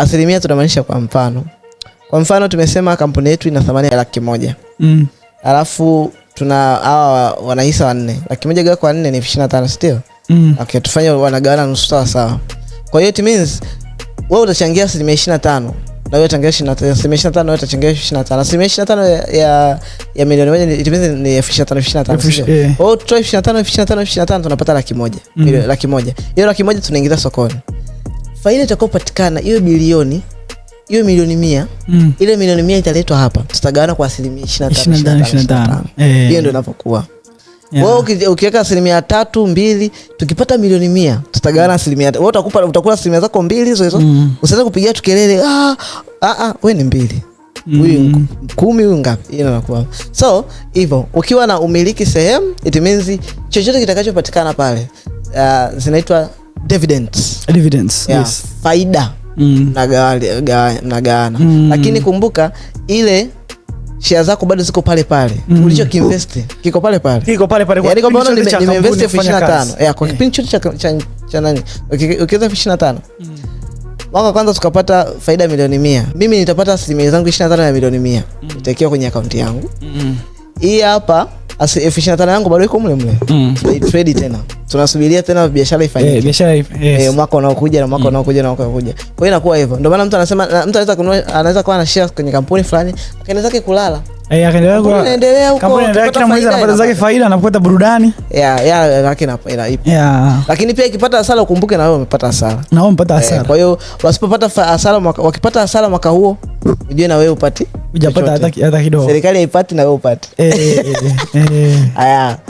Asilimia tunamaanisha kwa mfano, kwa mfano tumesema kampuni yetu ina thamani ya laki moja mm. alafu tuna hawa wanahisa wanne, laki moja gawa kwa nne ni ishirini na tano sio? mm. Okay, tufanye wanagawana nusu sawa sawa. Kwa hiyo it means wewe utachangia asilimia ishirini na tano wewe utachangia na wewe utachangia na ya ya milioni moja it means ni tunapata Hiyo tunaingiza sokoni faida itakaopatikana iwe bilioni iwe milioni mia mm. ile milioni mia italetwa hapa, tutagawana kwa asilimia ishirini na tano ishirini na tano eh. hiyo ndio inavyokuwa. Wewe yeah. Ukiweka asilimia tatu mbili, tukipata milioni mia tutagawana asilimia. utakula asilimia zako mbili hizo mm. Usianze kupigia tukelele ah, ah, ah, wewe ni mbili huyu mm. kumi huyu ngapi, inanakua so hivyo. Ukiwa na umiliki sehemu, it means chochote kitakachopatikana pale uh, zinaitwa dividends. yeah. Yes. Faida mm. mnagawana mm. Lakini kumbuka ile shia zako bado ziko pale pale mm. Ulichokiinvest kiko pale pale, kiko pale pale kwa kipindi yaani chote cha kampuni elfu ishirini na tano yeah, kwa kipindi eh. chote cha cha, cha nani ukiweza elfu ishirini na tano mm. mwaka wa kwanza tukapata faida milioni mia, mimi nitapata asilimia zangu ishirini na tano ya milioni mia mm. itakiwa kwenye akaunti yangu mm hii -hmm. hapa elfu ishirini na tano yangu bado iko mlemle mm. trade tena tunasubiria tena biashara ifanyike, eh, biashara yes. Eh, mwaka unaokuja na mwaka mm. unaokuja na mwaka unaokuja. Kwa hiyo inakuwa hivyo, ndio maana mtu anasema mtu anaweza kunua anaweza kuwa na shares kwenye kampuni fulani akaenda zake kulala eh, akaendelea kwa kampuni huko, kampuni anaendelea kila mwezi anapata zake faida na kupata burudani yeah, yeah, lakini ina ipo yeah. Lakini pia ikipata hasara ukumbuke na wewe umepata hasara na wewe umepata eh, hasara. Kwa hiyo wasipopata hasara, wakipata hasara mwaka huo ujue na wewe upati, ujapata hata kidogo, serikali haipati na wewe upati. Eh, eh, eh. eh, eh. Haya.